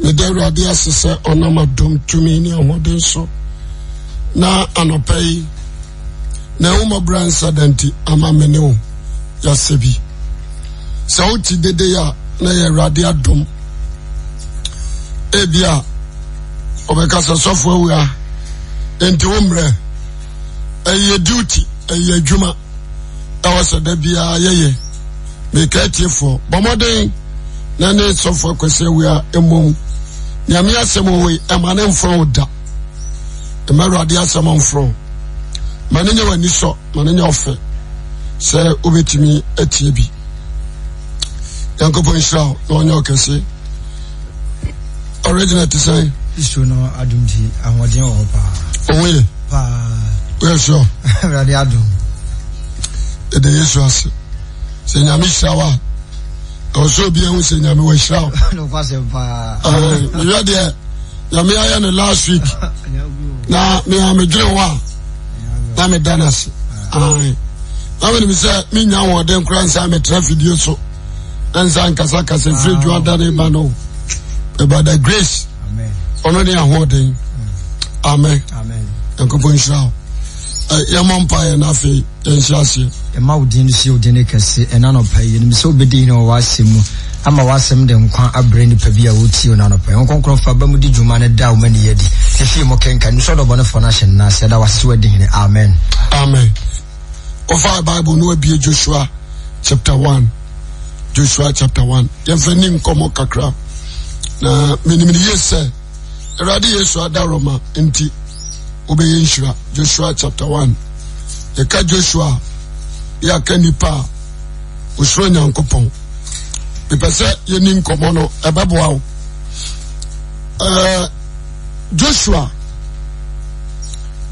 mede awurade ase sɛ ɔnam adom tumi ne ahoɔden so na anɔpa yi na ɛwomɔbra nsa da nti ama me ne wo yɛasɛ bi sɛ wote dedei a na yɛ awurade adom ebi a ɔbɛka sɛ sɔfo awu a enti wo mmerɛ ɛyɛ duty ɛyɛ adwuma ɛwɔ sɛ da biara yɛyɛ meka atiefoɔ bɔ na ne sɔfo akwasi awia mmom nyame asɛm wei ɛma ne mforɔ wo da ɛma awurade asɛm mforɔ ma ne nyɛ w'ani sɔ ma ne nyɛ ɔfɛ sɛ wobɛtumi atie bi nyankopɔn nhyira wo na ɔnyɛ ɔkɛse ɔregina te sɛn kristo no adomti ahoɔden wɔ hɔ paa ɔwoyɛ paa woyɛ sure awurade adom ɛda yesu ase sɛ nyame hyira wo a ɔsɛ obia ho sɛ nyame wɔahyira wo mehwɛ deɛ nyame ayɛ no last week na mea medwene hɔ a na meda no ase na menim sɛ menya wɔden kora nsa metra fidie so na nsa nkasakasa firi dwuma da ne ba no ɛba da grace ɔno ne ahoɔden amen nyankopɔn nhyira wo yɛmmɔ mpaeɛ na afei yɛnhyɛ aseɛ ɛma wo din no si wo no kɛse ɛna nɔpa yi nim sɛ wobɛdi hene wɔ w'asɛm mu ama w'asɛm de nkwa abrɛ nipa bi a wotie wo nanɔpa yi nkɔnkrɔn fa ba mu di dwuma no da wo ma di ɛfie e mɔ kenka no dɔbɔ no fɔ no ahyɛ no naase ɛda wase wadi amen amen wɔfa bible no wabie joshua chapter 1 joshua chapter 1 yɛmfa ni nkɔmmɔ kakra na menim ne ye sɛ awurade yesu ada rɔma nti wobɛyɛ nhyira joshua chapter 1 yɛka joshua Il nnipa a wosoro nyankopɔn mepɛ sɛ yɛni nkɔmmɔ no ɛbɛboa wo joshua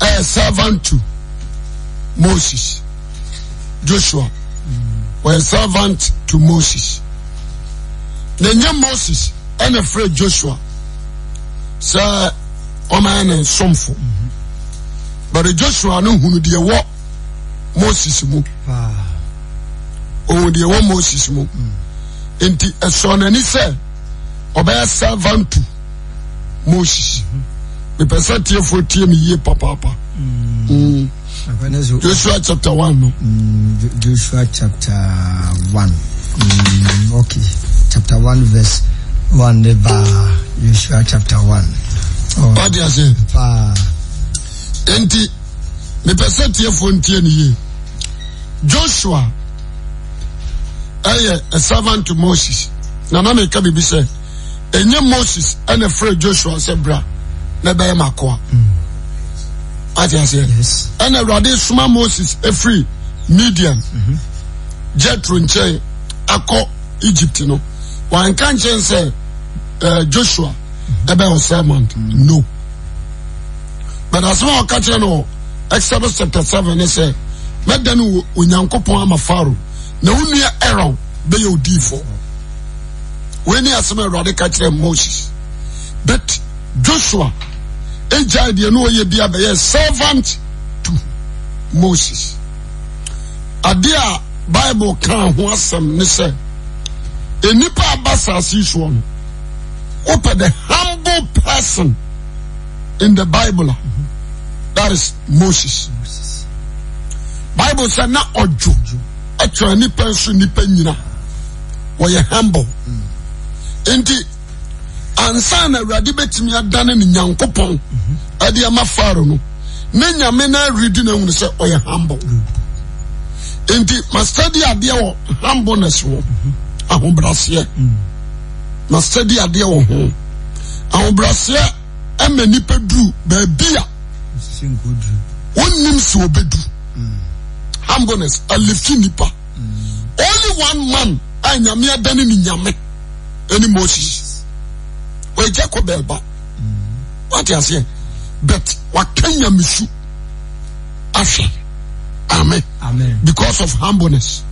ɛyɛ servant to moses joshua wɔyɛ servant to moses na nyɛ moses ɛna frɛ joshua sɛ ɔmayɛ ne nsomfo but joshua no hunu deɛ moses mu òun deɛ wɔ moses mu nti ɛsɔ n'ani sɛ ɔbɛyɛ servant to moses mepɛ sɛ tiefo tie mi yie papaapa mm. joshua chapter one no. Mm, joshua chapter one mm, okay chapter one verse one De ba joshua chapter one. ɔdi ase. nti mepɛ sɛ tiefoɔ ntie ne yie joshua ɛyɛ a servant to moses na na meka biribi sɛ ɛnyɛ moses ɛna frɛ joshua sɛ bra na ɛbɛyɛ makoa mm. ate aseɛ ɛna awurade soma moses ɛfiri midian mm-hmm. jetro nkyɛn akɔ egypt no wanka nkyɛn sɛ ɛɛ eh, joshua mm-hmm. ɛbɛyɛ servant mm-hmm. no but asoma ɔka kyerɛ no exodus chapter seven ne sɛ mɛda no onyankopɔn ama faro na wo nua ɛrɔn bɛyɛ odiifo wei ne asɛm awurade ka kyerɛ moses but joshua agyae deɛ ne ɔyɛ bia bɛyɛ servant to moses adeɛ a bible kaa ho asɛm ne sɛ enipa aba saase yi soɔ no wopɛ the humble person in the bible a mm -hmm. that is moses bible sɛ na ɔdwo ɛtwerɛ nipa nso nipa nyina wɔyɛ humble mm. Enti ansa na awurade bɛtumi adane ne nyankopɔn ɛde mm-hmm. ama faro no ne nyame na aredi no ahunu sɛ ɔyɛ humble mm. nti mastadi adeɛ wɔ humbleness wɔ mm-hmm. ahobraseɛ mastadi mm. adeɛ wɔ ho ahobraseɛ ɛma nipa duru baabi a wonnim sɛ obɛdu hamgones alefi nipa only one man a nyame adane ni nyame ɛne moses wɔagya kɔ bɛɛba wate aseɛ but waka nyamesu ahwɛ amen because of humbleness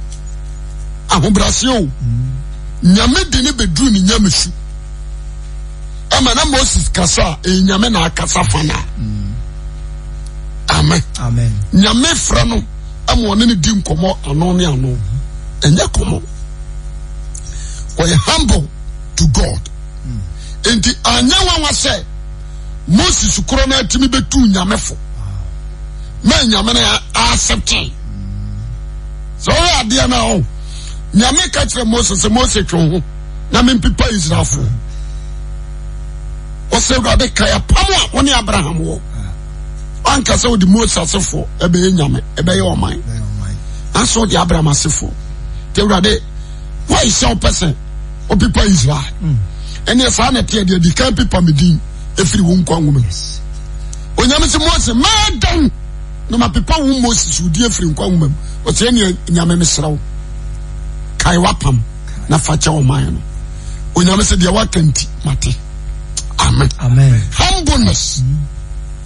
ahobrɛaseɛ o nyame de ne bɛduru ne nyamesu ama na moses kasa a eh, ɛyɛ nyame na akasa fa no amen nyame frɛ no ama ɔne no di nkɔmmɔ ano ne ano ɛnyɛ kɔmmɔ wɔyɛ humble to god hmm. Nti anyɛ nwanwa sɛ moses korɔ no atumi bɛtu nyame fo ma nyame no aasɛptee hmm. sɛ ɔyɛ adeɛ na a ɔ nyame ka kyerɛ moses sɛ mose twe ho na mempepa israelfoɔ hmm. ɔsɛ awurade kaya apam a wo ne abraham wɔ kase ou di mousa sefo, ebeye nyame, ebeye omay. E An son di abrama sefo. Te ou rade, woy se ou pesen, ou pipa izwa. Mm. Enye sa ane pede di kan pipa midi, e fri unkwa ume. O nyame se mousa, mè den! Nou ma pipa un mousa, si ou di e fri unkwa ume. Ose enye nyame misra ou. Kay e wapam, na fatya omay ane. O nyame se di wakenti, mati. Amen. Hambounes!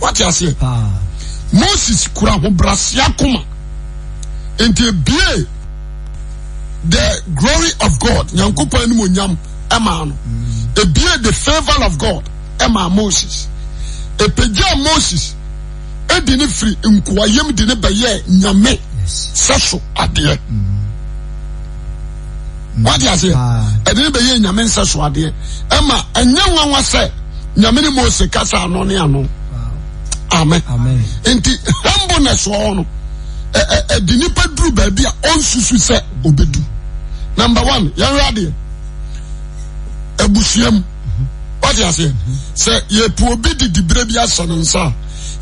wate aseɛ ah. moses kura ahobrɛseɛ kuma, nti ebie the glory of god nyankopɔn anim onyam ɛmaa no mm. ebie the favour of god ɛmaa moses epegya moses edi ne firi nkuwayam de ne bɛyɛ nyame sɛso adeɛ mm. wate aseɛ ah. ɛde ne bɛyɛ nyame nsɛso adeɛ ɛma ɛnyɛ nwanwa sɛ nyame ne mose kasa ano ne ano amen nti humbleness wɔ no ɛdi nipa duru baabi a ɔnsusu sɛ obedu number one yɛhwɛ adeɛ abusua mu wɔte aseɛ sɛ yɛpu obi didi bere bi ahyɛ ne nsa a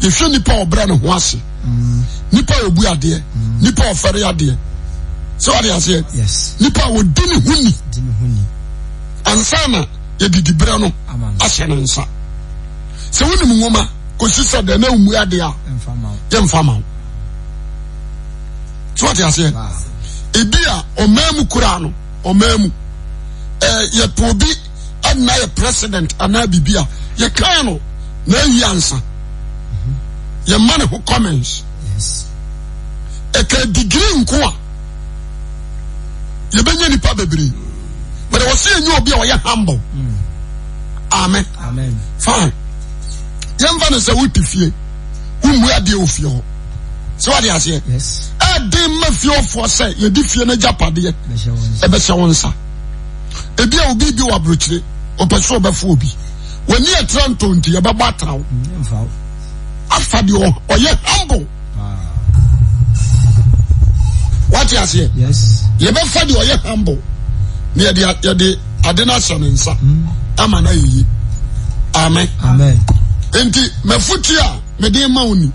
yɛhwɛ nipa a ɔbrɛ ne ho ase nipa a obu adeɛ nipa a ɔfɛre adeɛ sɛ wɔte aseɛ nipa a wɔdi ne ho ni ansa na yɛdidi bere no ahyɛ ne nsa sɛ wonim nwoma kòsi sɛ deɛ na mmua deɛ yɛ nfa ma wo so wate aseɛ ebi a ɔmaa mu kura no ɔmaa mu ɛɛ yɛtɔ bi ɛna yɛ president anaa bibi a yɛkan no na ayi ansa yɛma ne ho comments ɛka digiri nko a yɛbɛnya nipa bebree but wɔsi enyi obi a ɔyɛ humble mm. amen fine. yɛmfa no sɛ wote fie wommua adeɛ wɔ fie hɔ sɛ wade aseɛ ɛden ma fiefoɔ sɛ yɛde fie no agyapadeɛ ɛbɛhyɛ wo nsa ebi a obi bi wɔ aburokyire ɔpɛ sɛ ɔbɛfo obi w'ani ɛtera ntonti yɛbɛbɔ atara mm, wo afa deɛ ɔyɛ humble ah. wate aseɛ yɛbɛfa deɛ ɔyɛ humble na yɛde ade no ahyɛ ne nsa mm. ama no ayɛyi amen, amen. amen nti mafuti a mede ma wo ni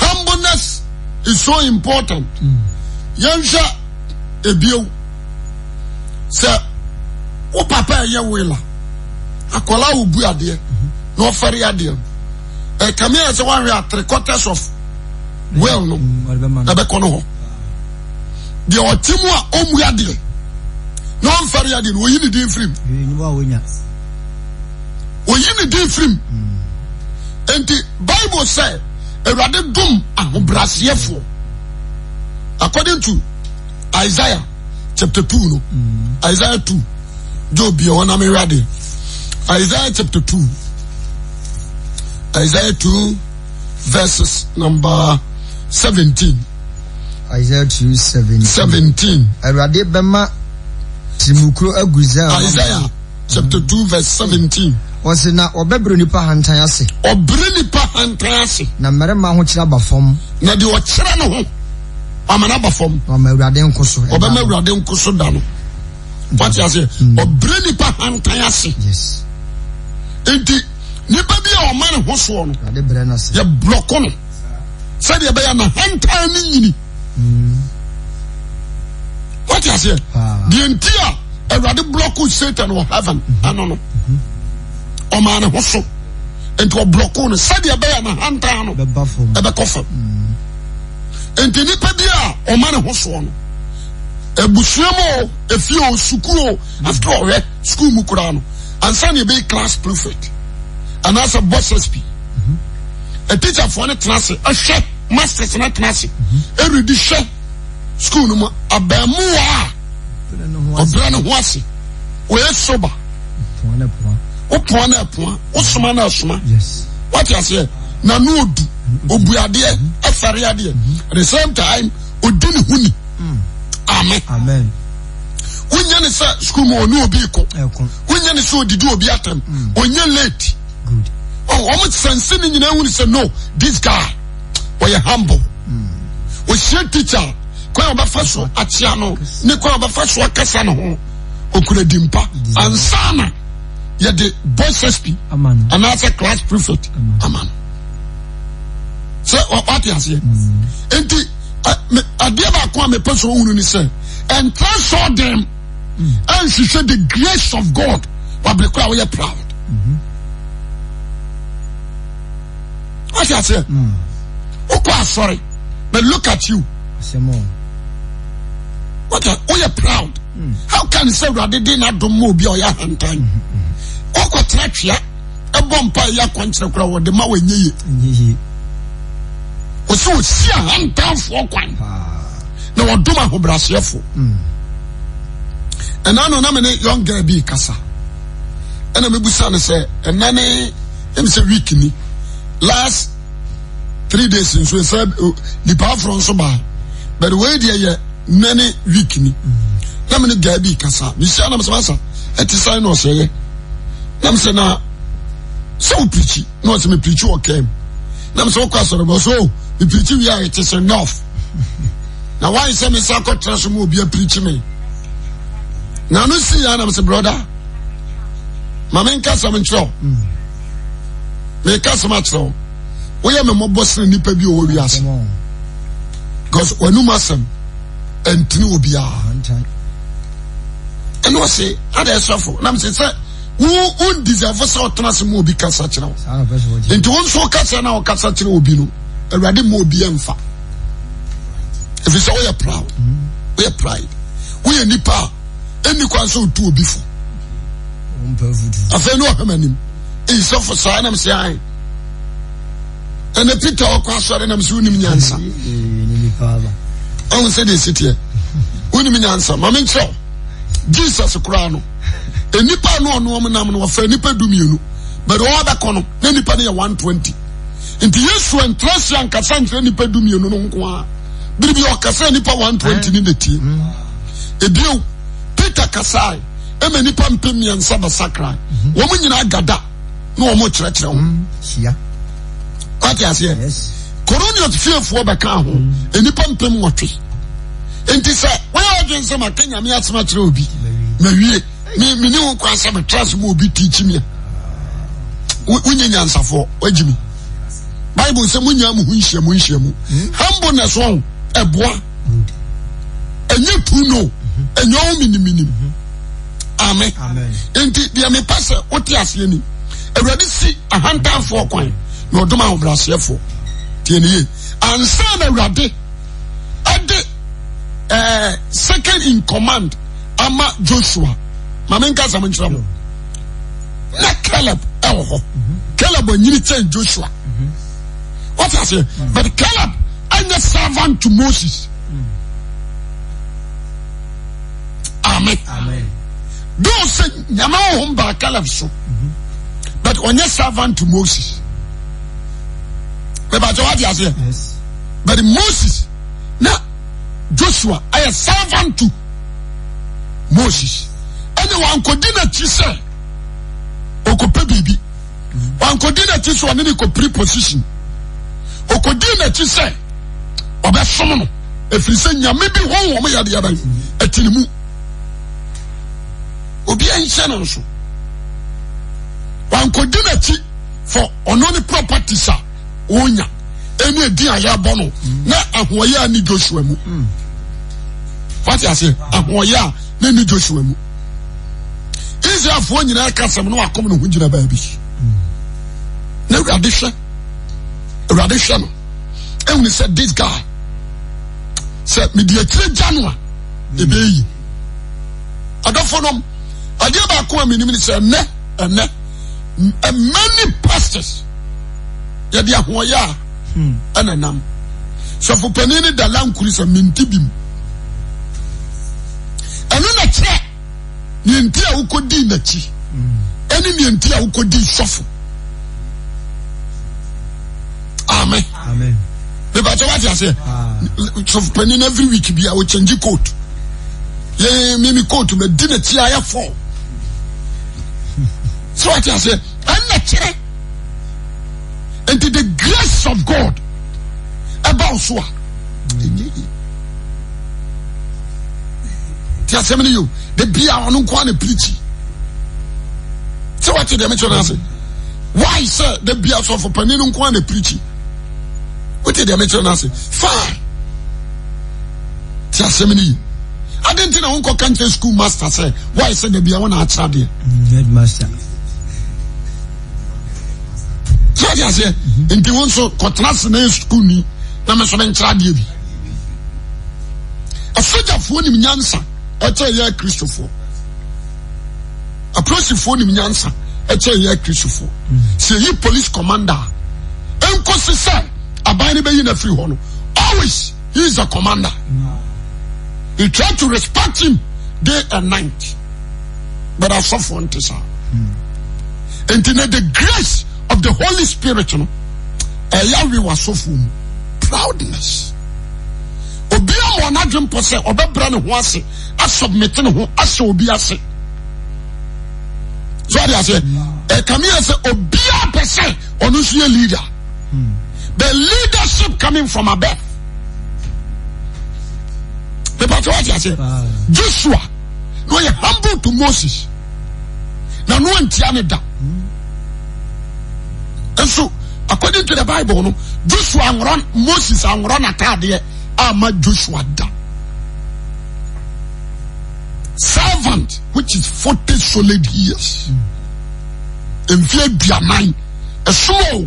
humbleness is so important yɛnhwɛ ebiew sɛ wo papa ɛyɛ e wela akɔla wo bu adeɛ na ɔfɛre adeɛ ɛkame yɛ sɛ woahwɛ a three quarters of well no ɛbɛkɔ no hɔ deɛ ɔte mu a ɔmmu adeɛ na ɔmfɛre adeɛ no ɔyi ne din firim oyi ne din firim nti bible sɛ awurade dum ahobrɛaseɛfoɔ according to isaiah chapter two no mm. isaiah two Jobi yɛ wɔn amewurade isaiah chapter two isaiah two verses number seventeen. Isaiah 2 17. 17. Awurade bɛma tirimukuro agu Zion. Isaiah chapter 2 verse 17. ɔsi na ɔbɛbrɛ nipa hantan ase. ɔbrɛ nipa hantan ase. na mmarima ho kyerɛ aba fam. na deɛ ɔkyerɛ no. ho ɔmɛ n'aba fam. ɔmɛ awurade nko so. ɔbɛmɛ awurade nko so da no. wate ase hmm. ɔbrɛ nipa hantan ase. yes. nti nipa bi a ɔma ne ho soɔ no. awurade brɛ n'ase. yɛ blɔko no sɛdeɛ bɛyɛ na hantan ne nyini. Hmm. wate ase. Ah. deɛ nti a awurade blɔko satan wɔ heaven ano hmm. no ɔmaa ne ho so nti ɔblɔko no sɛdeɛ ɛbɛyɛ no hantaa no ɛbɛkɔ fam nti nnipa bi a ɔma ne ho soɔ no abusua mu o efie o sukuu o after ɔhwɛ sukuu mu koraa no ansa na ebe class prefect anaasɛ bosses bi atikyafoɔ no tena se ɛhwɛ masters no tena se eredi hwɛ sukuu no mu abɛɛmuwa a ɔbrɛ ase wɔyɛ soba wopoa no apoa wosoma no asoma wate aseɛ na ne odu mm-hmm. obu adeɛ afare mm-hmm. adeɛ mm-hmm. at the same time odi ne ho ni mm. amen wonya ne sɛ sukuu mu ɔne obi kɔ wonya ne sɛ odidi obi atam mm. ɔnya late wɔn sɛnse ne nyinaa wuli sɛ no this guy ɔyɛ humble mm. ɔhyia teacher kwan a ɔbɛfa so akyea no ne kwan a ɔbɛfa so akasa ne ho okura dimpa ansana yɛde boys sp anaasɛ class prefect ama no sɛ wate aseɛ mm. nti adeɛ baako a mepɛ sɛ ɔhunu ne sɛ ɛntra sɔ dem mm. ɛnhwehwɛ the grace of god wabere kora woyɛ proud mm-hmm. wate aseɛ mm. wokɔ asɔre but look at you woyɛ proud how can sɛ awurade de n'adom ma obi a ɔyɛ ahantan mm-hmm ɔkɔtena twea ɛbɔ mpa ɛyɛ akɔnkyerɛ kora wɔde ma wɔnyɛ yie ɔsɛ ɔsi ahantanfoɔ kwan na wɔdom ahobrɛaseɛfoɔ ɛna mm. no na mene young girl bi kasa ɛna mebusa no sɛ ɛna ne ɛm sɛ week ni last three days oh, nso sɛ nipa aforɔ nso baa but wei deɛ yɛ nane week ni mm. na mene girl bi kasa mehyia nam sɛ masa ɛte sane na ɔsɛyɛ nam sɛ na sɛ wo pirikyi na ɔsɛ mepirikyi wɔ kam nam sɛ wokɔ asɔrebɔ so mepirikyi wie a ɛte sɛ nɔf na wae sɛ me sɛ akɔtena so ma hmm. obi apirikyi me na no sii a nam sɛ brɔda ma menka sɛm nkyerɛ wo meka sɛm akyerɛ wo woyɛ me mmɔbɔ sene nnipa bi ɔwɔ wiase because w'anum asɛm ɛntini obiara ɛne ɔse ada ɛsɔfo nam sɛ sɛ Ou, ou deserve sa otanasi mou e e bi kansatina ou. Ente ou msou kansatina ou kansatina ou binou. E radi mou bi enfa. E vise ou ye proud. Ou ye pride. Ou ye nipa. Eni kwansou tou obifou. Afe nou a hemenin. E isofo sa, ene msi a ene. E ne pita ou kwansou a ene msi, ou ni mnyansa. Ou mse de sitye. Ou ni mnyansa. Mamin chou. Jesus kura nou. enipa no ɔno ɔmo nam no wɔfɛ nipa du mienu bɛrɛ ɔwɔ bɛkɔ no na nipa no yɛ one twenty nti yesu ntrasi ankasa nkyerɛ nipa du mienu no nko a biribi ɔkasa nipa one twenty ne netie ebiew peter kasae ɛma nipa mpɛ mmiɛnsa basakra wɔn nyinaa gada na wɔn kyerɛkyerɛ ho wate aseɛ coronius fiefoɔ bɛka ho nipa mpɛ nwɔtwe nti sɛ wɔyɛ ɔdwe nsɛm aka nyame asɛm akyerɛ obi mawie mi mi ni wo kɔ asɛ mi trust mu obi ti kyi mi a wonye nyansafoɔ wagyi mi bible sɛ monya mu ho nhyiamu nhyiamu humbleness ɔn ɛboa ɛnyɛ tu no ɛnyɛ wo miniminim amen nti deɛ mepa sɛ wote aseɛ ni awurade si ahantanfoɔ kwan na ɔdom ahobraseɛfoɔ tie ne ye ansa na awurade ɛde second in command ama joshua maame nka sàmú nkyerɛ mu na caleb ɛwɔ hɔ caleb ɔnyini kyɛn joshua wɔte aseɛ but caleb ɛnyɛ servant to moses amen dɔw sɛ nyama wɔn baa caleb so but ɔnyɛ servant to moses bɛbàtɛ wɔte aseɛ but moses na joshua ɛyɛ servant to moses ɛne wankɔdi n'akyi sɛ ɔkɔpɛ biribi wankɔdi n'akyi sɛ ɔne ne kɔpiri position ɔkɔdi n'akyi sɛ ɔbɛsom no ɛfiri sɛ nyame bi hɔnhɔm yɛdeɛbɛn ɛtene mu obia nhyɛ no nso wankɔdi n'akyi for ɔno ne properties a wɔnya ɛne adi a yɛabɔ no na ahoɔyɛ a ne joshua mu hmm. wate aseɛ ahoɔyɛ ne ne joshua mu mm. Yen se yon fwen yon e ka se mwen wakom nou wen jen a bebe. Nen yon radisyon. Yon radisyon. E yon ni se dis ga. Se midi etile janwa. Debe yi. A do fon om. A di yon bakou a meni meni se ne. E ne. E meni pastis. Ya di ya huwaya. E nenam. Se fwen peni yon e dalan kou li se mintibim. E non e tsek. nìyẹntì a wokɔ di n'akyi ɛne nìyẹntì a wokɔ di sɔfo amen bíbàtí wá ti ase sɔfo panyin every week bi a o kyɛnji coat yɛn mímí coat mɛ di n'akyi a yɛ fɔ sɛ wá ti ase ɛnna kyerɛ nti the grace of God ɛbá o so a ɛnyɛ mm. yie ti asɛm ni yio de bia ɔno nko ana pirikyi sɛ wɔte deɛ mekyerɛ no ase why sɛ de bia sɔfo panin no nko ana pirikyi wote deɛ mekyerɛ no ase ti asɛm ni yio adi nti na wonkɔ kankyɛ school master sɛ why sɛ de bia wɔn akyerɛ deɛ mm, headmaster sɛ wati aseɛ mm-hmm. nti wɔn nso kɔtena sinɛ school ni na mɛ sɔ bɛ nkyerɛ adeɛ bi asojafoɔ nim nyansa. ɛkyɛ yɛ akristofoɔ apolisifoɔ nim nyansa ɛkyɛ yɛ akristofoɔ sɛ yi police commander a ɛnkɔsi sɛ aban no bɛyi no afiri hɔ no always he is a commander no. he try to respect him day and night but in this hour. nti na the grace of the holy spirit no ɛyɛ awe wɔ asɔfoɔ mu proudness obi ama ɔno adwe mpɔ sɛ ɔbɛbrɛ ne ho ase asɔbmete ne ho ahyɛ obi ase so ade aseɛ ɛkameɛ sɛ obiaa pɛ sɛ ɔno nso yɛ leader the leadership coming from above mepɛtɛ wate aseɛ joshua na ɔyɛ humble to moses na no antia ne da nso according to the bible no joshua anworɔ moses anworɔ n'ataadeɛ ma Joshua da. Servant, which is 40 solid years. Mfe aduanan. Ɛsomo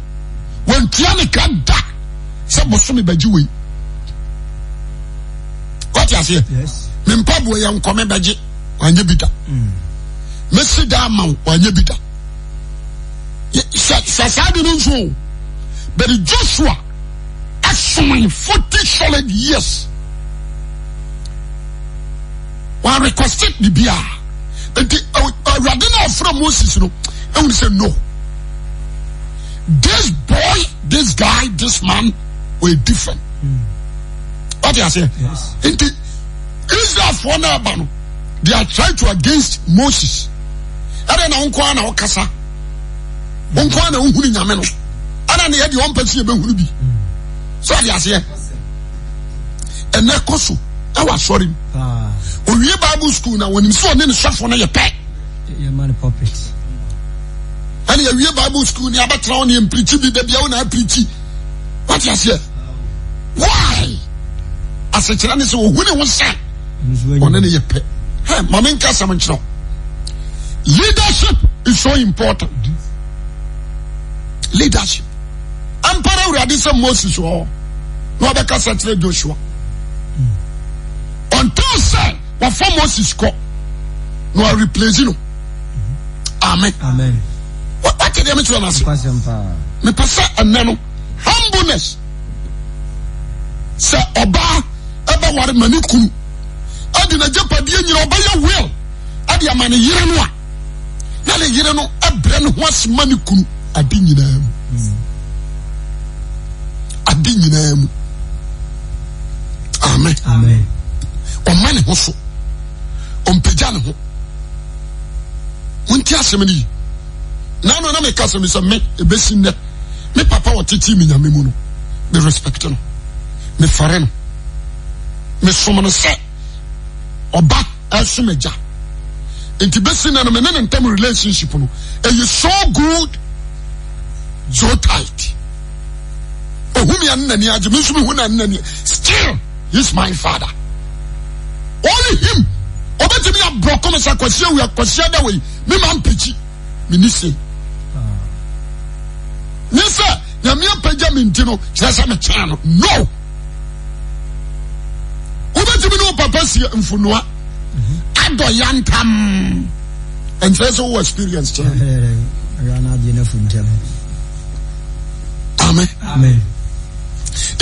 a ne ka da sɛ bosome bɛgye wei. Wɔte aseɛ. Mempaboa yɛ Yes. bɛgye ya bi da. monsieur da ama wanyɛ bi da. Sɛ ça de nous o. Joshua solid years wa request bibi a nti awurade na afra moses no ehun say no this boy this guy this man were different hmm. wọ́n ti ase nti israelfoɔ náà ba no they are trying to against moses ɛdɛ na nko na ɔkasa hmm. nko na ohun nyame no ɛna ne yɛ deɛ ɔmpɛ si yɛ bɛ bi hmm. so wọ́n ti ase yɛ ɛnɛ kɔ so ɛwɔ asɔre mu ah. owie bible school na wɔnim sɛ ɔne ne sɔfo no yɛ pɛ ɛne yɛwie bible school ne abɛtena wo ne yɛmpirikyi bi babia wo na apirikyi wate aseɛ why asekyerɛ ne sɛ ɔhu ne wo sɛ ɔne ne yɛ pɛ ma menka asɛm nkyerɛ leadership is so important leadership ampara awurade sɛ moses wɔ na ɔbɛka sɛ kyerɛ joshua until sɛ wɔfa moses kɔ na wɔreplace no amen Amen. wate deɛ mekyerɛ no ase mepɛ sɛ ɛnɛ no humbleness sɛ ɔbaa ɛbɛware ma ne kunu ɛde nagyapadeɛ nyina ɔbɛyɛ will ɛde ama ne yere no a na ne yere no ɛbrɛ ne ho asema ne kunu mm. ade nyinaa mu ade nyinaa mu amen, amen. ɔma ne ho so ɔmpagya ne ho wonti asɛm no yi na no na meka sɛm sɛ me ɛbɛsi nnɛ me papa wɔtetee me nyame mu no me respect no mefare no mesom no sɛ ɔba ɛsom agya nti bɛsi nnɛ no mene ne ntam relationship no ɛyɛ so good zotight ɔhu me ane nani agye me nso mehu ne ane nani still he's my father only him obetumi aburɔ kɔmi sɛ kwasi awia kwasi adawa yi mi ma mpekyi mi ni se ah. ne sɛ nyame apagya mi nti no kyerɛ sɛ me kyerɛ no no wobɛtumi ne wopapa papa sie mfunoa mhm. adɔ yantam ntam ɛnkyerɛ sɛ wowɔ experience kyerɛ ame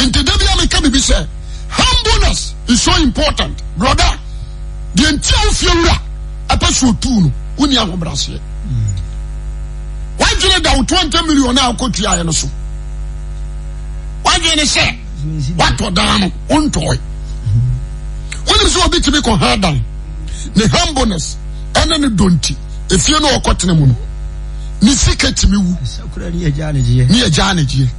nti da bia meka bibi sɛ humbleness is so important brother deɛ nti a wofie wura ɛpɛ so otu no woni ahobraseɛ wadwene da wo 20 million a wokɔtuaeɛ no so wadwene sɛ woatɔ dan no wontɔe wonim sɛ obi tumi kɔha dan ne humbleness ɛne ne donti ɛfie no ɔkɔtena mu no ne sika tumi wu ne yɛgyaa ne gyeɛ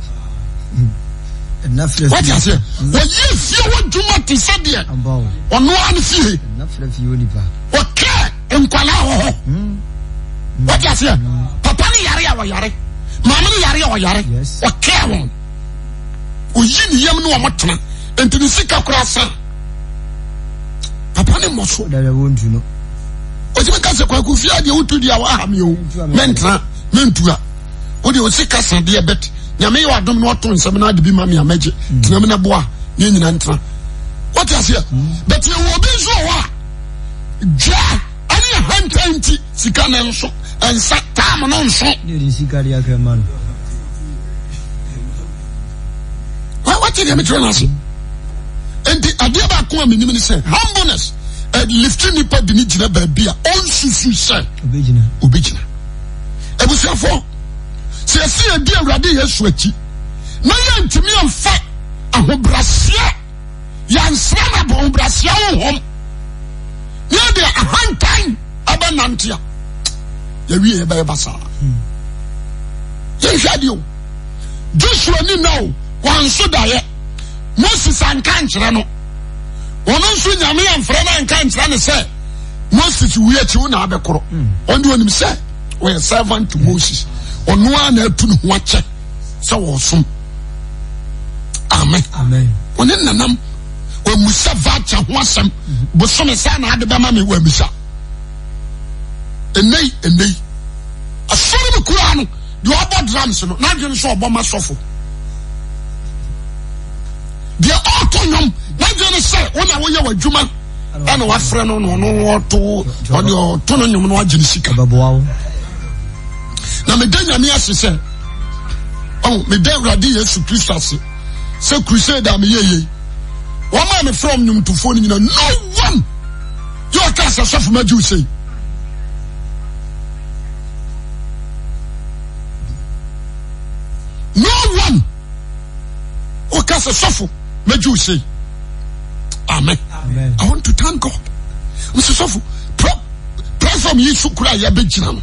wati ase wɔyi fie wɔ dwuma te sɛ deɛ ɔnoa no fie wɔkɛ nkwalaa wɔ hɔ wati ase hmm. papa no yare a wɔyare maame no yare a wɔyare wɔkɛ wɔn oyi ne yam no wɔn tena nti ne sika kora sa papa ni mmɔ so ɔtumi kasa kwaku fie adeɛ wotu deɛ wɔ aha mi o mɛntena mɛntua o deɛ o sika sa deɛ bɛti nyame yɛ wadom na ɔto nsɛm no ade bi ma me amagye tenam mm. no boa ne nyina ntena wote aseɛ mm. but yɛwɔ obi nso wɔ a dwa ane ahantan nti sika no nso ɛnsa tam no nso wote deɛ mekyerɛ no ase enti adeɛ baako a menim ne sɛ humbleness ɛlifti eh, nipa de ne gyina baabi a ɔnsusu sɛ obɛgyina abusuafoɔ ɛsɛ yɛdi awurade yesu akyi na yɛntumi amfa ahobrɛseɛ yɛnsra na bɔ ahobrɛseɛ honhom ne yɛde ahantan abɛnante a yɛwie yɛbɛyɛ basaa hmm. yɛnhwɛ deɛ o joshua ni na o wɔnso daeɛ moses anka nkyerɛ no ɔno nso nyame amfrɛ no anka nkyerɛ ne sɛ moses wuakyi wo na abɛkorɔ hmm. ɔne onim sɛ wɔyɛ servant to moses mm ɔno a na atu ne ho akyɛ sɛ wɔsom amen ɔne nanam ɔmusa vaakya ho asɛm bosome saa na ade bɛma me wɔamisa ɛnei ɛnei asɔre me kuraa no deɛ ɔbɔ drums no n'adwene sɛ ɔbɔ ma sɔfo deɛ ɔɔtɔ nnwom n'adwene sɛ wo na woyɛ w'adwuma ɛna wafrɛ no na ɔno ɔto ɔde ɔto no nnwom na wagyene sika na my nyame ase sɛ da awurade yesu kristo ase sɛ crusade a meyɛye je me frɛ nnwomtofoɔ no nyina no one yɛ ɔka sɛ sɔfo magye no one woka sɛ sɔfo magye amen i want to thank god Mr. sɔfo platform yi so a no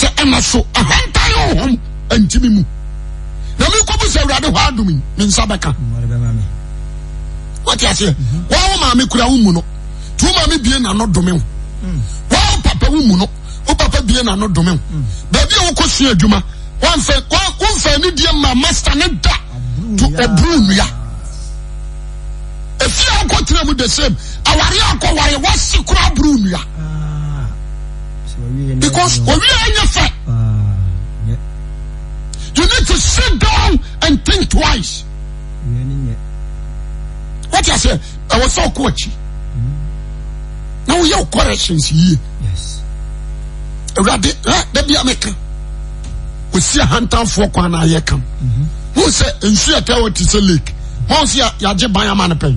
sɛ ɛna so ahantan ɔhom ɛntimi mu na mekɔbu sɛ awurade hɔ adom yi nsa bɛka wate aseɛ mhm. maame kura wo mu no maame bie n'ano dome mm. wo papa wo mu no papa bie n'ano dome wo mm. a adwuma ma ne da to nnua mu same nnua ah. because owi anya fa you need to sit down and think twice what I say ɛwɔ sɛ ɔkɔ akyi na woyɛ wo corrections yie awurade da bia meka ɔsi ahantamfoɔ kwan na ayɛ kam hu sɛ nsu ɛtɛ wɔ te sɛ lake hɔ so yɛagye ban ama no pɛn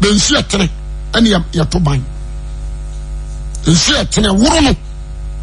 bɛnsu ɛtene ɛne yɛto ban nsu ɛtene woro no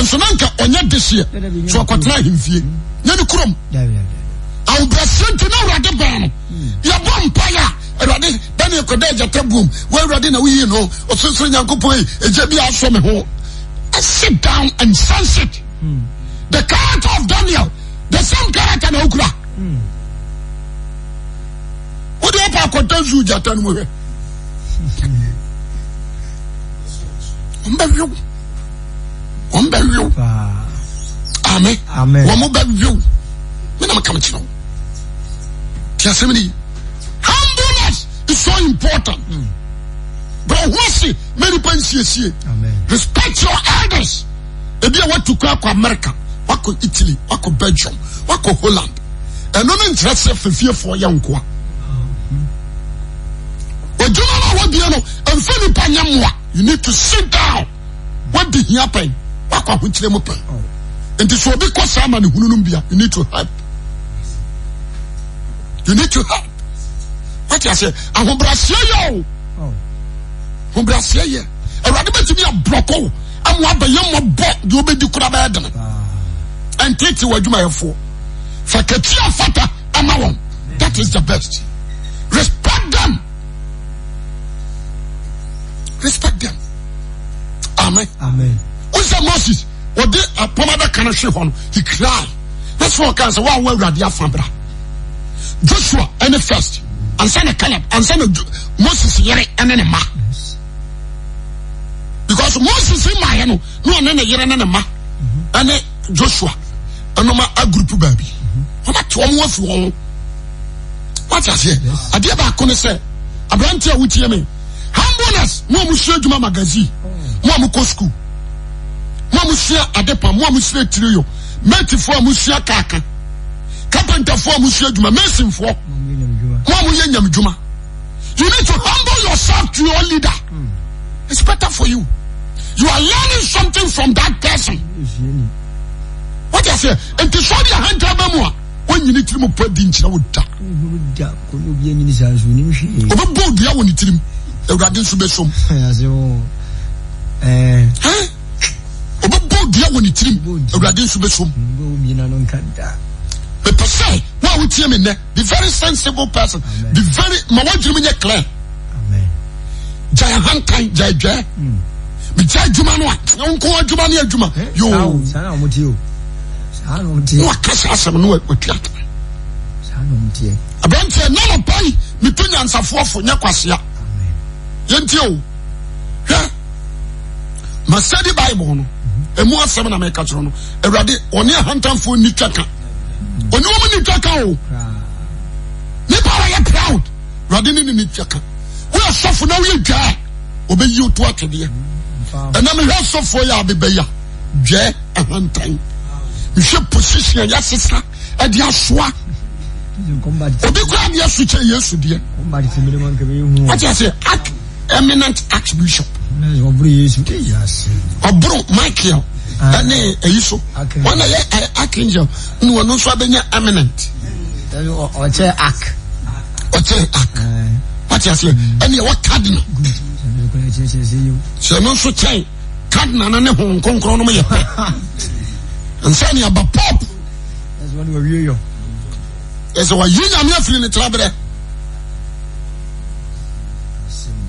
nso na only ɔnyɛ year. so ɔkɔtena ahemfie nyɛ ne kurom awobrɛsɛ nti na awurade baa no hmm. yɛbɔ mpaeɛ a awurade daniel kɔda agyata buom woawurade na woyii no ɔsorosoro nyankopɔn yi ɛgya bi asɔ me ho sit down and sense it hmm. the character of daniel the same character na okura hmm. wode ɔpa akɔda zoo gyata no mu hwɛ ɔmbɛhwew wɔn bɛ wiw amen wɔn bɛ wiw mi na mi ka mi kyerɛ o ti a sɛmi ni humbleness is so important hmm. bro wɔsi mɛ nipa nsiesie respect your elders ebi a watu kɔ akɔ America wakɔ Italy wakɔ Belgium wakɔ Holland ɛno ne nkyerɛ sɛ fifiefoɔ yɛ nkoa hmm. odwuma no a wɔbie no ɛmfa nipa nyɛ mmoa you need to sit down wɔdi hia pɛn akɔ ahokyere mu pɛ nti sɛ obi kɔ saa amane hunu no bia you need to help you need to help wati ase ahobrɛaseɛ yɛ o ahobrɛaseɛ yɛ awurade bɛtumi abrɔkɔ o ama abɛyɛ mmɔbɔ deɛ wobɛdi kora bɛyɛ dene ɛntete wɔ adwumayɛfoɔ fa kati afata ama wɔn that is the best respect them respect them amen amen wọ́n sẹ́ moses ọ̀dẹ́ apọ́nmọ́dé kan ṣe hàn he cry that's why ọ̀kan sẹ́ wọ́n àwọn awurade afabra joshua ẹni first ansa na caleb ansa na moses yẹrẹ ẹni ne ma because moses ma yẹ no mm-hmm. no ọ̀nẹ́ na yẹrẹ ẹni ne ma ẹni joshua ẹni ma agurupu baabi wọ́n bá tẹ ọmọ afi wọn wọ́n ti aseɛ adeɛ baako ne sɛ aberante a mm-hmm. wotie me humbleness mo a mo hyɛ adwuma magazine mo a mo kɔ school. mo a mo sua adepa mo a mo sua tiriyo mɛtifoɔ a mo sua kaaka kapɛntafoɔ a mo sua adwuma mɛsinfoɔ mo a mo yɛ nyam dwuma you need to humble yourself to your leader it's better for you you are learning something from that person wọ́n ti ase nti sọ́ọ́ di ahanta bẹ́ẹ̀ mu a wọ́n nyini tirimu pẹ́ di nkyɛn o da o bɛ bɔ odua wɔ ne tirimu ewurade nso bɛ som deɛ wɔ ne tirim awurade nso bɛsom mepɛ sɛ wo a wotie me nnɛ be very sensible person Amen. be very ma woadwene mu nyɛ clear gyae ahantan gyae dwɛɛ hmm. megya adwuma no a wonko adwuma ne adwuma eh, yo na waka sɛ asɛm no watuatena aberanteɛ na nɔpai meto nyansafoɔfo nyɛ kwasea yɛntie o hwɛ masɛde bible no ɛmu asɛm na mɛka kyerɛ no awurade ɔne ahantamfoɔ ni twa ka ɔne wɔm ni twa o nipa wɔyɛ proud awurade ne ne ni twa ka woyɛ sɔfo na woyɛ dwaa ɔbɛyi wo to atwedeɛ ɛna mehwɛ sɔfoɔ yɛ abebɛya dwɛ ahantan mehwɛ position a yɛasesa ɛde asoa obi koraa deɛ so kyɛ yesu deɛ ɔte aseɛ eminent archbishop. ọbúrò michael ẹni èyí so wọn náà yẹ archangel ni wọn nso abẹnyẹ eminent. ọ̀kyẹ́ ark. ọ̀kyẹ́ ark wàtí aseɛ ɛni ɛwɔ cardinal sɛ ɛno nso kyɛn cardinal na ne hon nkonkoron no yɛ pɛ nsɛn ni aba pop ɛsɛ wayi nyame afiri ne tira berɛ.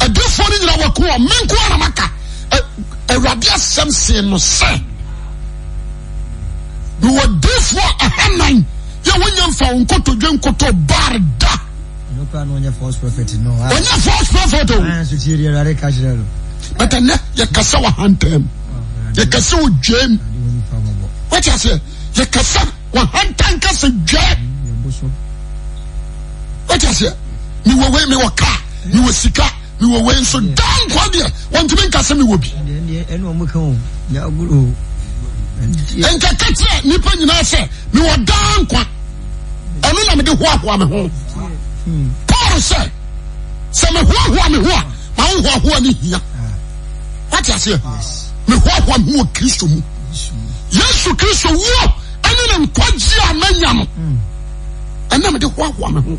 adifoɔ no nyina wɔko hɔ menko anamaka awurade asɛm see no sɛ mewɔ difoɔ ahanan yɛ wonya mfa wo nkotodwe nkoto bare da ɔnyɛ ah. false prophet o ah, but ɛnɛ yɛkasa wɔ hantam ah, yɛkasa wɔ dwam wɔte aseɛ yɛkasa wɔ hantam kasa dwa wɔte aseɛ mewɔ wei mewɔ kaa mewɔ sika mewɔ wei nso dan kwa deɛ wɔntumi nka sɛ mewɔ bi nkɛka kyerɛ nnipa nyinaa sɛ mewɔ daa nkwa ɛno na mede hmm. hoahoa me ho paul sɛ sɛ mehoahoa me ho a mawohoahoa no hia wate aseɛ mehoahoa me ho wɔ kristo mu yesu kristo wuo ɛne ne nkwagye a manya no ɛna mede hoahoa me ho hmm.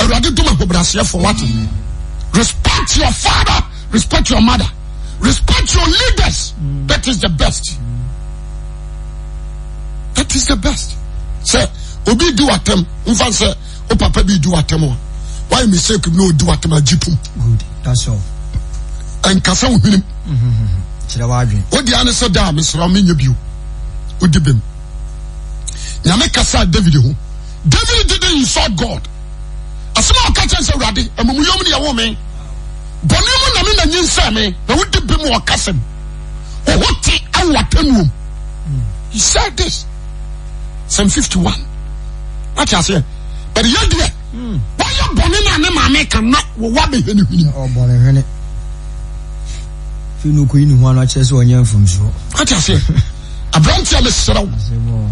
awurade dum ahobrɛaseɛfo wate respect your father respect your mother respect your leaders mm. that is the best that is the best sɛ obi di watam nfa sɛ o papa bi di watam a wayɛ mistake bi na o di watam a gyi pum nkasa wo hwenem wodi ane sɛ daa mesrɛ wo menyɛ bio wodi bem nyame kasa david ho david didn't insult god asɛm a ɔka kyɛn sɛ awurade amumuyom ne yɛwo me bɔne mu na me na nyinsɛ me na wodi bi mu ɔkasɛm ɔhɔ te awo atanuom he said this psalm 51 wate aseɛ but yɛ deɛ wɔyɛ bɔne no a ne maame ka na wɔwɔ abɛhwɛnehwini fi no kɔyi ne ho ano akyerɛ sɛ ɔnyɛ mfomsoɔ wate aseɛ aberanteɛ meserɛ wo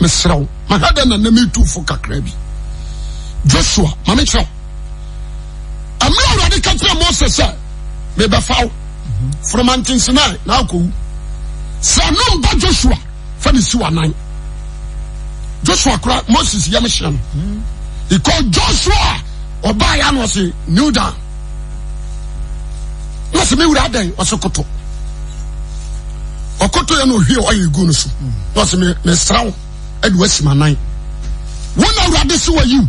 meserɛ wo mahadɛ na na metu fo kakra bi joshua maame kyerɛ ɛmi awurade ka kyerɛ mose sɛ mebɛfa wo foromantensinai na akɔwu sɛ ɛno joshua fa ne si wanan joshua kora moses yɛm hyɛ no because joshua ɔbaa yɛ ano ɔse new down na sɛ mewura adɛn ɔse koto ɔkoto yɛ no ohwie ɔyɛ egu no so na ɔse mesra wo ɛde woasi manan wo na awurade se wayiw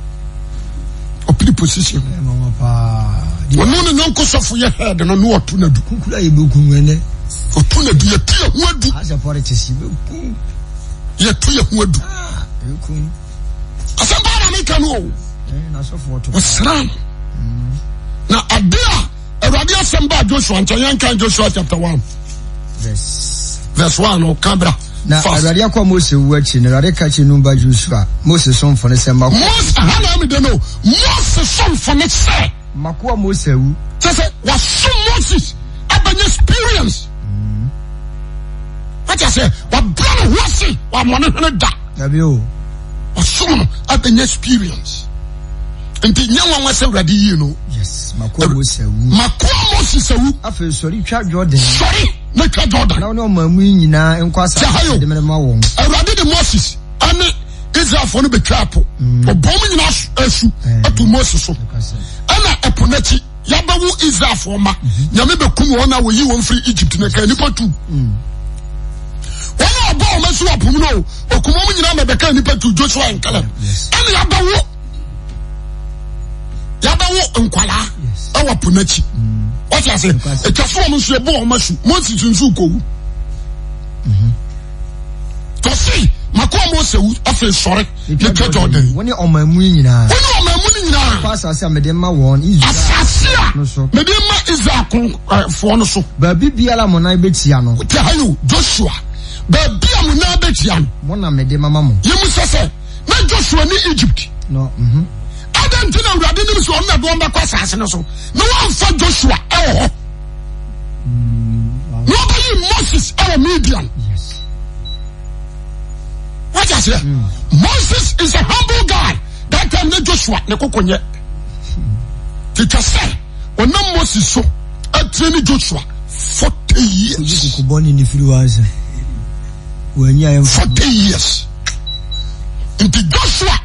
ɔpiri position ɔno ne nyɔnko sɔfo yɛ head no ne ɔto no adu ɔto no adu yɛtu yɛ ho adu yɛtu yɛ ho adu ah, asɛm baa na meka no o ɔsra mm-hmm. na ade a awurade asɛm baa joshua nkyɛ yɛnkan joshua chapter 1 verse 1 no ka bra na awurade akɔ mose wu akyi na awurade ka kyerɛ numba ju so a mose somfo ne sɛ mako mose hana mi de no mose somfo ne sɛ mako a mose awu kyɛ sɛ wasom moses abɛnya experience wagya sɛ wabra ne ho ase wammɔne hene da dabi o wasom no abɛnya experience nti nyɛ wɔn wɔ sɛ awurade yie no yes mako a mose awu mako a mose awu afei sɔre twa jordan sɔre ne twa jordan. na wọn maa mu nyinaa nkɔ asa. jahayo awurade de moses ɛne israelfoɔ no bɛ twa po mm. ɔbɔn mu nyinaa esu ɛtu eh. moses so ɛna ɛpo n'akyi yabɛwo israelfoɔ ma mhm. nyame bɛ wɔn na wɔyi wɔn firi egypt na ka nipa tu mm. wɔn a ɔbɔ wɔn esi wɔ po mu no o okum wɔn nyinaa na bɛka nipa tu joshua nkalem ɛna yabɛwo yabɛwo nkwalaa ɛwɔ po n'akyi mm. wɔte ase atwafoɔ no nso yɛbɔ wɔn asu mose tuntum kowu mm-hmm. tɔsi mako a mose wu afei sɔre ne twa jɔdan wɔn ni ɔman mu nyinaa wɔn ni ɔman mu nyinaa kɔ asase a mɛde ma wɔn israel asase a mɛde ma israel kun ɛfoɔ eh, no so baabi biara mo nan bɛ tia no te ha yi o joshua baabi a mo nan bɛ tia no mo na mɛde mama mo yɛ mu na joshua ni egypt. No, mm -hmm nti na awurade nim sɛ ɔno na de ɔmbɛkɔ asase no so na wɔamfa joshua ɛwɔ hɔ mm, na ɔbɛyi moses ɛwɔ midian wagya seɛ mm. moses is a humble guy that time ne joshua ne kokonyɛ tetwa sɛ ɔnam moses so atire ne joshua forty years forty years Into joshua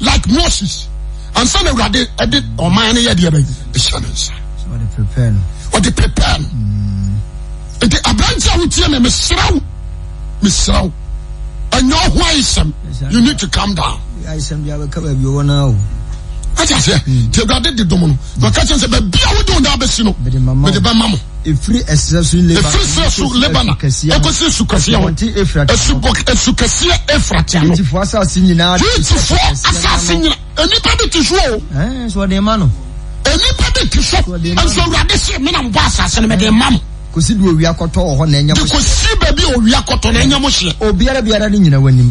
like Moses and ansa na they, ɛde ɔman my yɛ idea, baby. The ne What they prepare What they prepare no nti aberante tell wotie me mesrɛ wo mesrɛ wo ɛnyɛ ɔho ayisɛm you need to calm down ayisɛm deɛ abɛka baabi ɔwɔ no a o ati ase te awurade de dom no bɛka kyɛn sɛ baabi a wode wo da bɛsi no mede bɛma mo ɛfiri ɛserɛ so lebana ɛkɔsi asukɛseɛ hɔ asukɛseɛ efratia no hetifoɔ asase nyinaa ɛnipa de ti so o ɛnipa de te so ɛnso awurade se menambɔ asase no mede ma mo kòsi di owia kɔtɔ wɔ hɔ na ɛnyɛ mo hyɛ kòsi baabi owia kɔtɔ na ɛnyɛ mo hyɛ obiara biara ne nyina wɔ anim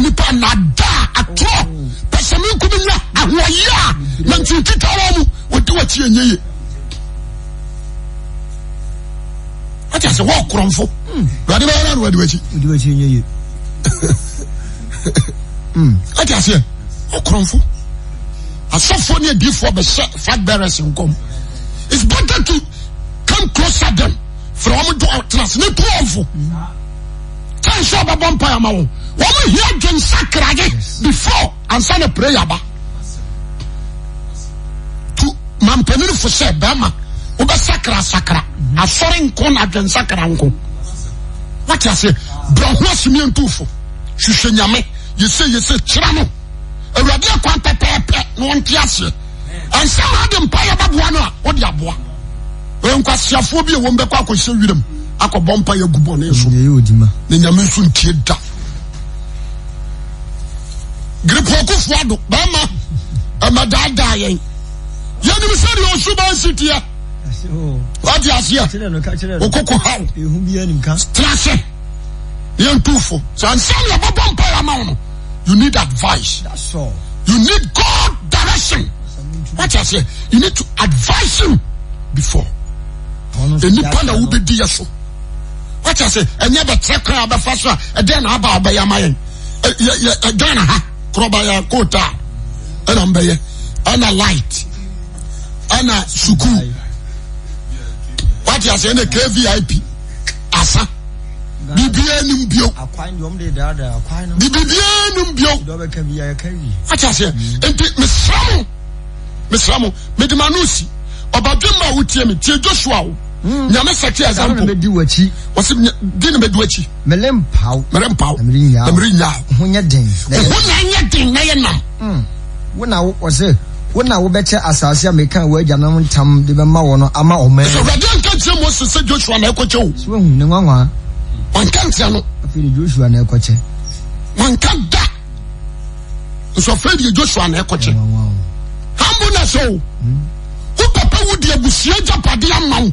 nya nipa nada atorɔ pɛsɛ mi nkumi nya ahoɔyɛ a nantiri tita wɔn mu wɔde wɔn akyi enye yie wɔte ase wɔn korɔnfo hmm. wɔde bɛyɛ na wɔde wɔn akyi wɔn akyi enye yie wɔte hmm. ase wɔn korɔnfo asɔfo ne adiifoɔ bɛhyɛ fat bearers nkɔm it's better to come closer them fira wɔn do ɔtena se ne korɔnfo tansi ɔbɛbɔ mpa ama wɔn. O mwen yon gen sakra ge, di fo, ansan e pre yaba. Tou, man peni nou fose e beman, oube sakra sakra, asorin kon a gen sakra an kon. Wat yase, bran kwa ah. eh, si mwen toufo, chuse nyame, yese yese chirano, e wade yon kwan tepe epe, nou an kiasye, ansan adem paye ba buwano a, o diya buwa. E yon kwa siya fobi, yon be kwa kwen se yudem, akwa ban paye gubo ne yon sou. Ne nyame sou ntieda. giripɔkofoɔ ado bɛma ɛmɛdaadaa yɛn yɛnim sɛdeɛ ɔsuban siteɛ wade aseɛ wokoko haw trasɛ yɛntufo sɛ ansɛm yɛbɔbɔ mpaeɛ ma wo you need advice you need god direction wate aseɛ you need to advise him before ɛnipa na wobɛdi yɛ so wate aseɛ ɛnyɛ bɛkyerɛ kra bɛfa so a ɛdɛn na aba wobɛyɛ ma yɛn ɛgyana ha trɔbaya kota ɛna mbɛyɛ ɛna light ɛna sukuu wati ase ɛna kvip asa bibiya nim bio bibiya nim bio wati ase nti misiramu misiramu medimanu si ɔbɛdwemba awo tie mi tie joshua o. Hmm. nyame sɛte exampleɔse de ne bɛdu akyi merempaw merenyaa ho nyɛ den na yɛ nam hmm. wona ɔsɛ wona wobɛkyɛ asase a meka wɔagyanom ntam de bɛma wɔ no ama ɔmaawurade anka kyerɛ mose sɛ joshua na ɛkɔkyɛ wo sɛ wahu ne nwanwaa wanka ntea no afei de joshua na ɛkɔkyɛ wanka da nso afei deɛ joshua na ɛkɔkyɛ hambo na sɛ o hmm. wo papa wo de abusua agyapadeɛ ama wo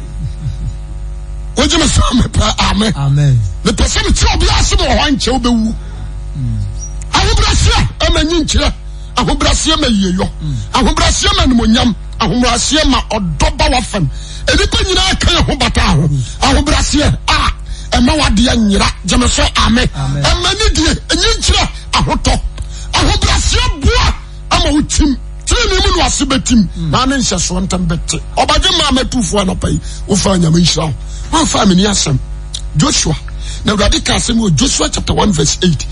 t oe ya r wamfa ameni asɛm joshua na awurade ka asɛm wɔ joshua chapter one, verse 8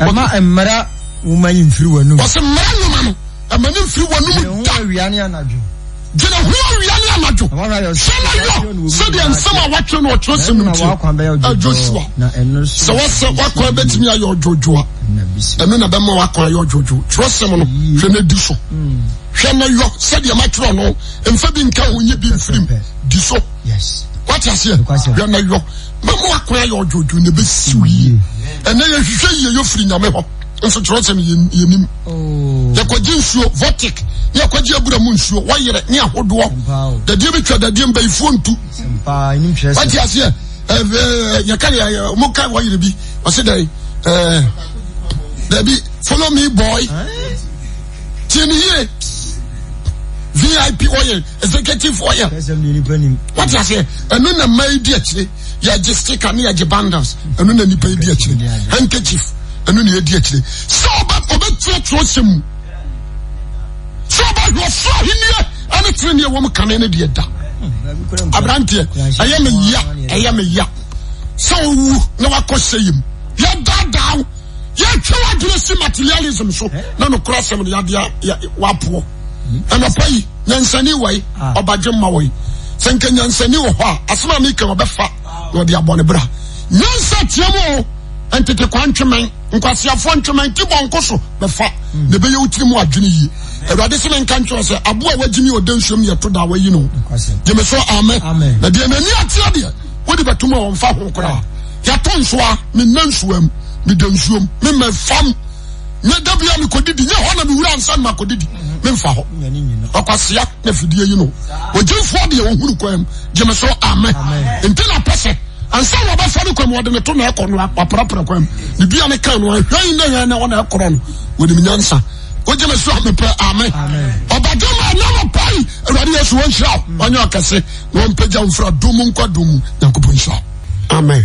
ɛma mmara nwoma yi mfiri w'anum ɔsɛ mmara nwoma no ɛma ne mfiri w'anum da awia ne anadwo gyina ho awia ne anadwo sɛna yɔ sɛdeɛ nsɛm a wɔatwerɛ no ɔtwerɛ sɛm nti ajoshua sɛ wɔsɛ woakwan bɛtumi ayɛ ɔdwodwoa ɛno na bɛma woakwan ayɛ ɔdwodwo twerɛ sɛm no hwɛ no di so hmm. hwɛ no yɔ sɛdeɛ matwerɛ no mfa bi nka ho nyɛ bi mfirim di so wati aseɛ yɛna yɔ mɛmu akora yɛ ɔdwodwo na ebesi yie ɛnɛ yɛ hwehwɛ yie yɛ firi nyame hɔ nso kyerɛ sɛm yɛ nim oh. yɛkɔgye nsuo votic ne yɛkɔgye abura mu nsuo wɔyerɛ ne ahodoɔ dadeɛ bi twa dadeɛ mbayifoɔ ntu wati aseɛ yɛka ne ɔmo ka wɔyerɛ bi ɔsi dɛ ɛɛ dabi follow me boy tie ne yie vip oil executive oil wọ́n ti àṣẹ ẹnu na mmaa yi di akyire yàgye sticker ni yàgye bundles ẹnu na nipa yi di akyire handkerchief ẹnu na yẹ di akyire sọ ọba ọba tiẹ tiẹ ọsẹ mu sọ ọba yọ fún ahiniya ẹni tiẹ ni ẹwọ mu kan ẹni di ẹda aberanteɛ ɛyɛ mi ya ɛyɛ mi ya sɛ owu na wakɔ sɛ yim yɛ daadaa yɛ twɛ wa gyina si materialism so na no kura sɛm no yɛ adeɛ wapoɔ anapa yi nyansani wɔ yi ɔbagye ah. mma wɔ yi sɛ nka nyansani wɔ hɔ a asoma mi kan ɔbɛfa na ɔde abɔ ne bra nyansa tia mu o ntete kwan twemɛn nkwasiafoɔ ntwemɛn ti bɔ nko so bɛfa hmm. na ebɛyɛ wo tiri mu adwene yie awurade sɛ menka nkyerɛ sɛ aboa a wagyimi ɔda nsuom ne yɛto da wayi no gyeme so amɛ na deɛ n'ani ateɛ deɛ wode bɛtom a wɔmfa ho koraa yɛto nsoa menna nsuam meda nsuom memɛ fam nyɛ da bia mekɔdidi nyɛ hɔ na mewura ansa ma kɔdidi memfa hɔ ɔkwasea ne fidie yi no ɔgyemfoɔ deɛ ɔhuru kwam gyeme so amɛ nti na pɛ sɛ ansa na ɔbɛfa no kwam wɔde ne to na ɛkɔ no waprapra kwam ne bia ne ka no ahwɛi na hwɛ na ɔna ɛkorɔ no wɔnim nyansa wogyeme so amepɛ amɛ ɔbadoma nama pai awurade yesu wɔnhyira wo ɔnyɛ ɔkɛse na ɔmpagya wo mfra dom nkwa dom nyankopɔn nhyira amen